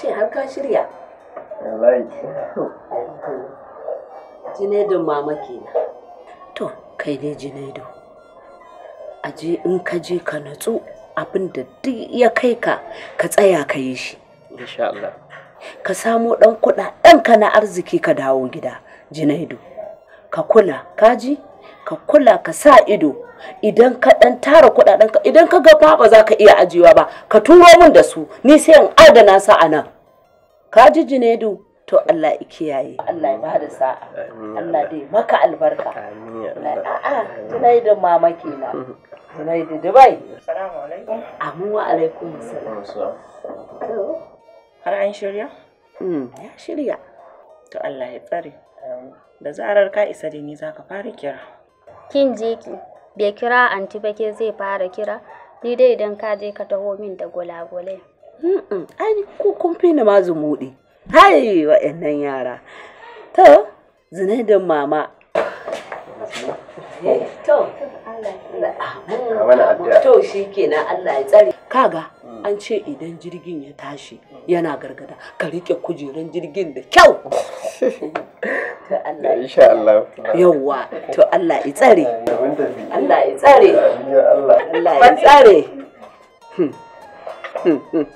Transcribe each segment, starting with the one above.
ce har ka shirya wallahi jinaidun mama kenan to kai dai jinaidu aje in ka je ka natsu abin da duk ya kai ka ka tsaya ka yi shi insha Allah ka samo dan kuɗaɗen ka na arziki ka dawo gida jinaidu ka kula kaji ka kula ka sa ido idan ka dan tara kudaden ka idan ka ga ba za ka iya ajiyewa ba ka turo min da su ni sai in adana sa a nan ka ji jinedu to Allah ya kiyaye Allah ya ba da sa'a Allah dai maka albarka amin a'a tunai da mama kenan tunai mm-hmm. da Dubai assalamu alaikum amu wa alaikum assalam har an shirya hmm, ya shirya to Allah ya tsare da zarar ka isa da ni zaka fara kira kin je ki bai kira anti ba ke zai fara kira ni dai idan ka je ka taho min da gulagulai ai ku kun fi ni ma zumuɗi hai wa'annan yara to zinaidin mama to shi kenan Allah ya tsare kaga an ce idan jirgin ya tashi yana gargada ka riƙe kujeran jirgin da kyau to Allah insha to Allah ya tsare Allah Allah ya tsare hmm. Hmm, hmm,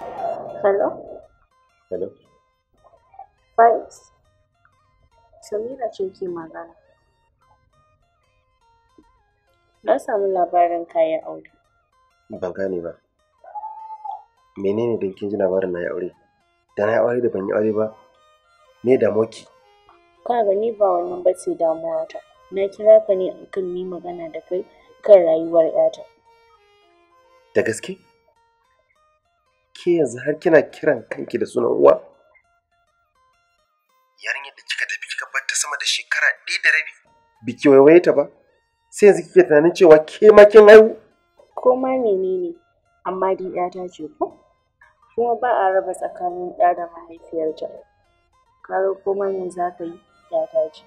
Hello? Hello? So Samira ce ke magana. Na samu labarin kayan aure. Ban gane ba. Menene don kin ji labarin na yi aure? Da na yi aure da ban yi aure ba, me da moki. Ka gani ba wannan ba ce damuwa ta. Na kira ka ne akan mu yi magana da kai kan rayuwar 'yata. Da gaske? ke yanzu har kina kiran kanki da sunan uwa yarinyar da kika tafi kika bar ta sama da shekara ɗaya da rabi biki waiwaye ta ba sai yanzu kike tunanin cewa ke ma kin haihu ko ma menene amma dai ta ce ko kuma ba a raba tsakanin ɗa da mahaifiyarta kaga ko ma me za ka yi ta ce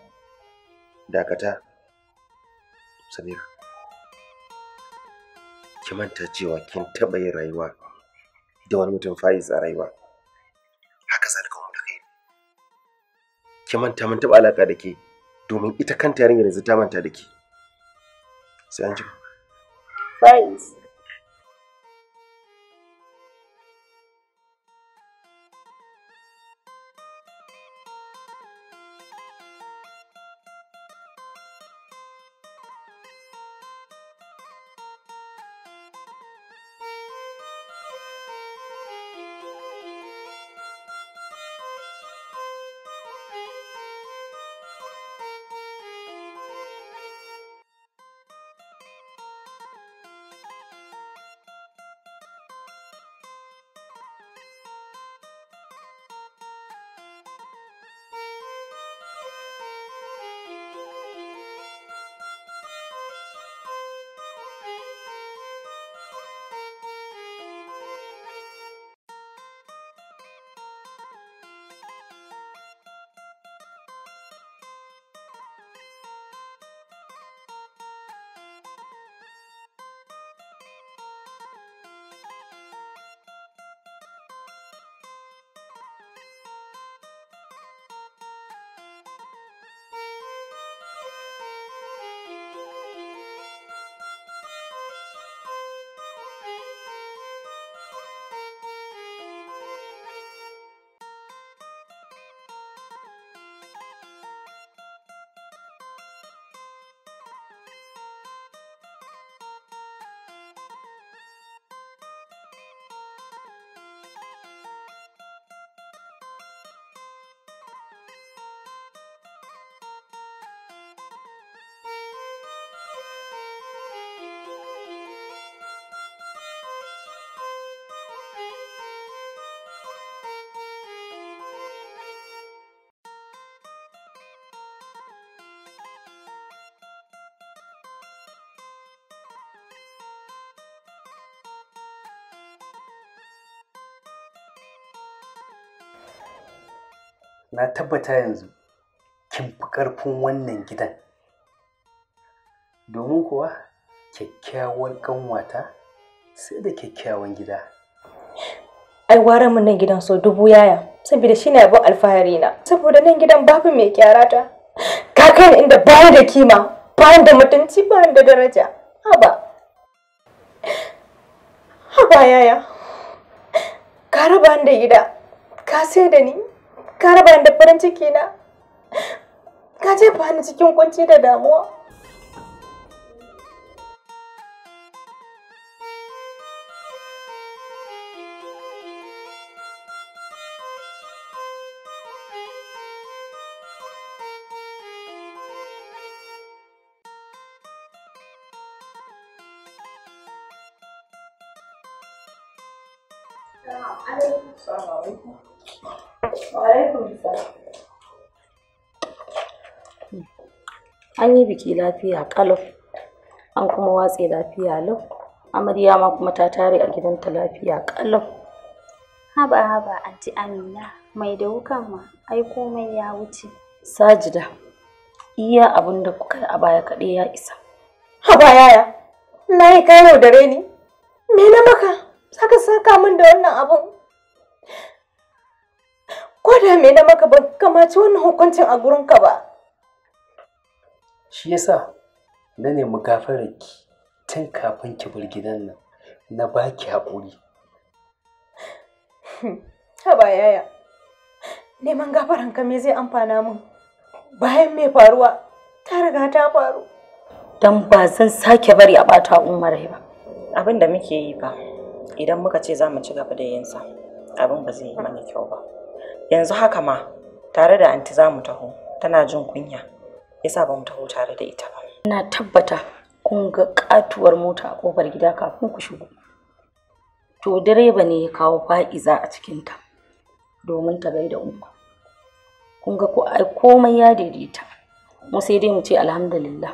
dakata samira ki manta cewa kin taɓa yin rayuwa da wani mutum faiz a rayuwa haka zalika umar khairi ki manta mun taɓa alaka da ke domin ita kanta yarinyar yanzu ta manta da ke sai an ji faiz na tabbata yanzu kin fi ƙarfin wannan gidan domin kuwa kyakkyawan ƙanwata sai da kyakkyawan gida ai gwara mun nan gidan so dubu yaya saboda shine abin alfahari na saboda nan gidan babu mai kyarata ka kakan inda bayan da kima bayan da mutunci bayan da daraja haba haba yaya ka raba da gida ka sai da ni ka raba da farin ciki na ka jefa ni cikin kunci da damuwa Thank you. An yi biki lafiya ƙalau, an kuma watse lafiya lau. Amarya ma kuma ta tare a gidanta lafiya ƙalau. Haba haba anti Amina, mai da wukan ma, ai komai ya wuce. Sajida, iya abin kuka a baya kaɗai ya isa. Haba yaya, na yi ka yaudare ni. Me na maka? Saka saka min da wannan abun. Kada me na maka ban kamaci wannan hukuncin a gurinka ba shi yasa na nemi gafararki tun kafin ki bar gidan nan na baki haƙuri hmm, haba yaya neman ka me zai amfana mun bayan mai faruwa ta riga ta faru dan ba zan sake bari a ɓata umar ba abin da muke yi ba idan muka ce za mu ci gaba da yinsa abin ba zai yi mana kyau ba yanzu haka ma tare da anti za mu taho tana jin kunya yasa ba mu taho tare da ita ba ina tabbata kun ga katuwar mota a kofar gida kafin ku shigo to direba ne ya kawo fa'iza a cikinta domin ta gaida uku kun ga komai ya daidaita mu sai dai mu ce alhamdulillah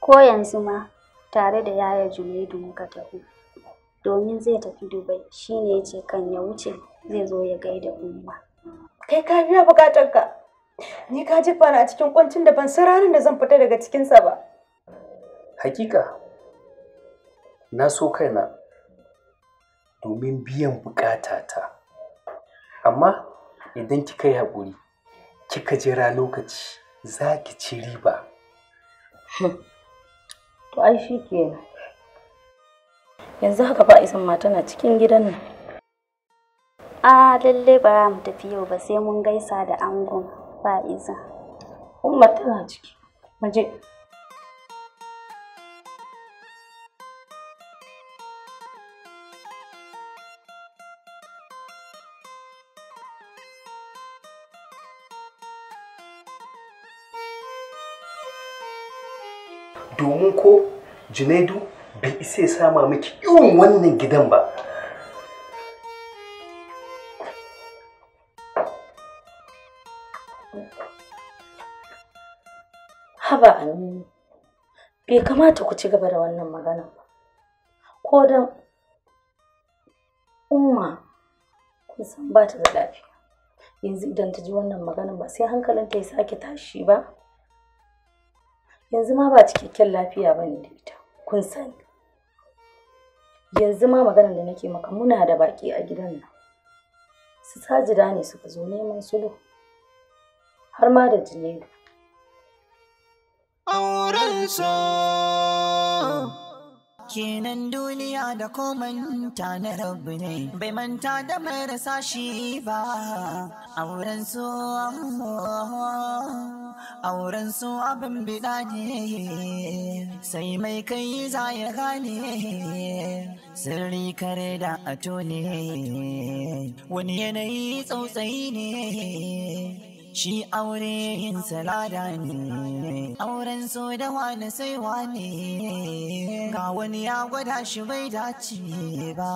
ko yanzu ma tare da yaya jumaidu muka taho domin zai tafi Dubai shine ya ce kan ya wuce zai zo ya gaida umma. Kai ka biya ka. Ni ka jefa ni a cikin kwancin da ban san ranar da zan fita daga cikinsa ba. Hakika, na so kaina domin biyan ta, Amma idan kika yi haƙuri, kika jira lokaci za ki ci riba. To ai shi kenan. yanzu haka ba isan ma tana cikin gidan nan a lalle ba mu tafi yau ba sai mun gaisa da angon ba isan umma tana ciki maje je domin ko junaidu bai isa ya sama miki irin wannan gidan ba haba aminu bai kamata ku ci gaba da wannan magana ba ko don umma kun san ba ta da lafiya yanzu idan ta ji wannan magana ba sai hankalinta ya sake tashi ba yanzu ma ba cikakken lafiya ba ne da ita kun sani yanzu ma maganar da nake maka muna da baki a gidan nan su sajida ne suka zo neman sulhu har ma da jinai auren so kenan duniya da komanta na rabu ne bai manta da marasa shi ba auren su auren su abin bida ne sai mai kai za ya gane sirri kare da ato ne wani yanayi tsautsayi ne Shi aure yin salada ne, auren so da wani sai wani, ga wani ya gwada shi bai dace ba.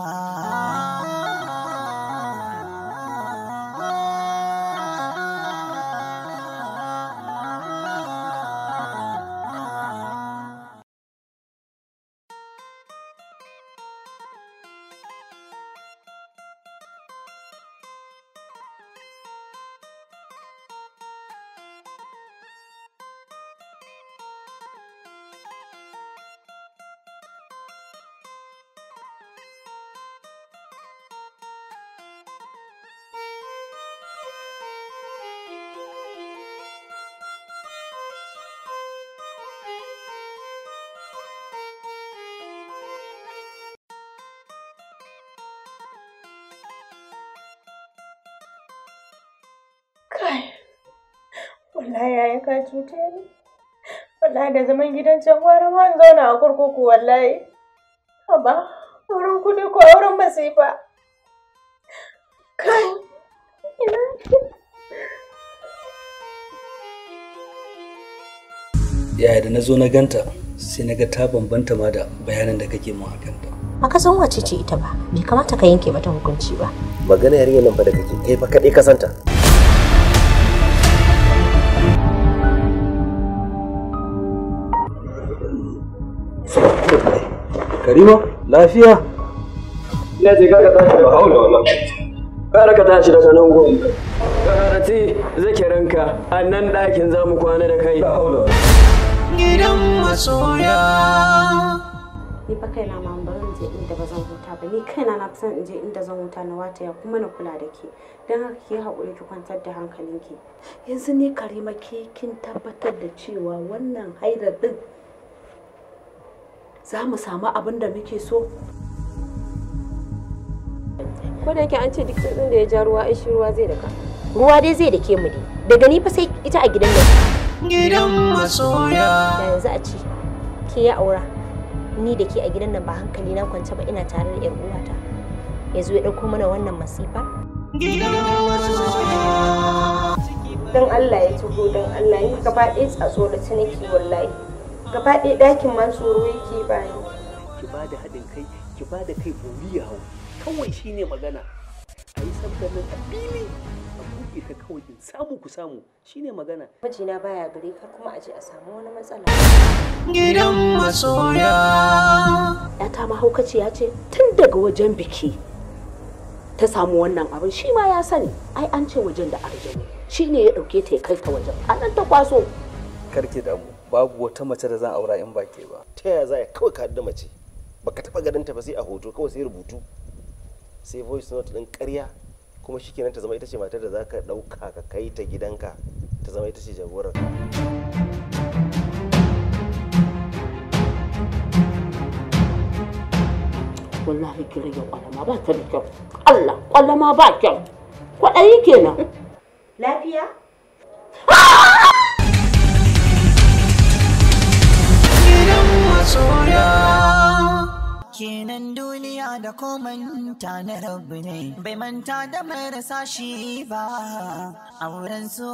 wallahi yayi ka cuce ni wallahi da zaman gidan can gwara ma zauna a kurkuku wallahi haba auren kuɗi ko wurin masifa kai yaya da na zo na ganta sai na ga ta bambanta ma da bayanan da kake a kanta. Ba ka san wace ce ita ba bai kamata ka yanke mata hukunci ba magana yarinyar nan ba da ke kai ba, kaɗai ka santa Karima, lafiya? Ina ce kaka tashi da haula wannan. raka ka tashi daga nan gobe. Karati ranka a nan ɗakin za mu kwana da kai. Gidan masoya. Ni fa kaina ma an zan je inda ba zan huta ba ni kaina na san in je inda zan huta na wata ya kuma na kula da ke don haka ki haƙuri ki kwantar da hankalinki yanzu ni karima ke kin tabbatar da cewa wannan haidar din za mu samu abin da muke so ko da yake an ce duk da ya ja ruwa shi ruwa zai daka ruwa dai zai dake mu ne. daga ni fa sai ita a gidan da gidan masoya Da yanzu a ce ke ya aura ni da ke a gidan nan ba hankali na kwance ba ina tare da yar uwata yanzu ya dauko mana wannan masifa gidan masoya Don Allah ya tuho don Allah ya gaba ɗaya tsoro ta nake wallahi gaba ɗaya ɗakin man tsoro yake bani ki ba da haɗin kai ki ba da kai buri ya hau kawai shine magana a yi sabgar a fili a buɗe ta kawai in samu ku samu shine magana mijina baya gare kar kuma a je a samu wani matsala gidan masoya ya ta mahaukaciya ce tun daga wajen biki ta samu wannan abin shi ma ya sani ai an ce wajen da shi shine ya ɗauke ta ya kai ta wajen a nan ta kwaso karki damu babu wata mace da zan aura in baki ba ta yaya za ya kawai ka da mace baka taba ganin ta ba sai a hoto kawai sai rubutu sai voice note din ƙarya kuma shikenan ta zama ita ce matar da zaka dauka ka kai ta gidanka ta zama ita ce jagorar ka wallahi ki rage kwalama ba ta da kyau Allah kwalama ba kyau kwaɗayi kenan lafiya ah! masoya kenan duniya da komanta na rabu ne bai manta da marasa shi ba auren su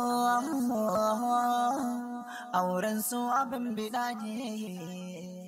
auren su abin bida ne